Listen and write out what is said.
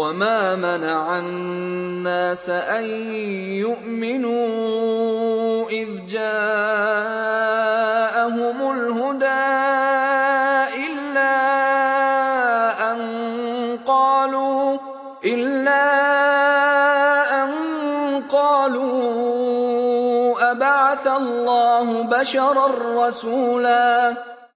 وما منع الناس أن يؤمنوا إذ جاءهم الهدى إلا أن قالوا إلا أن قالوا أبعث الله بشرا رسولا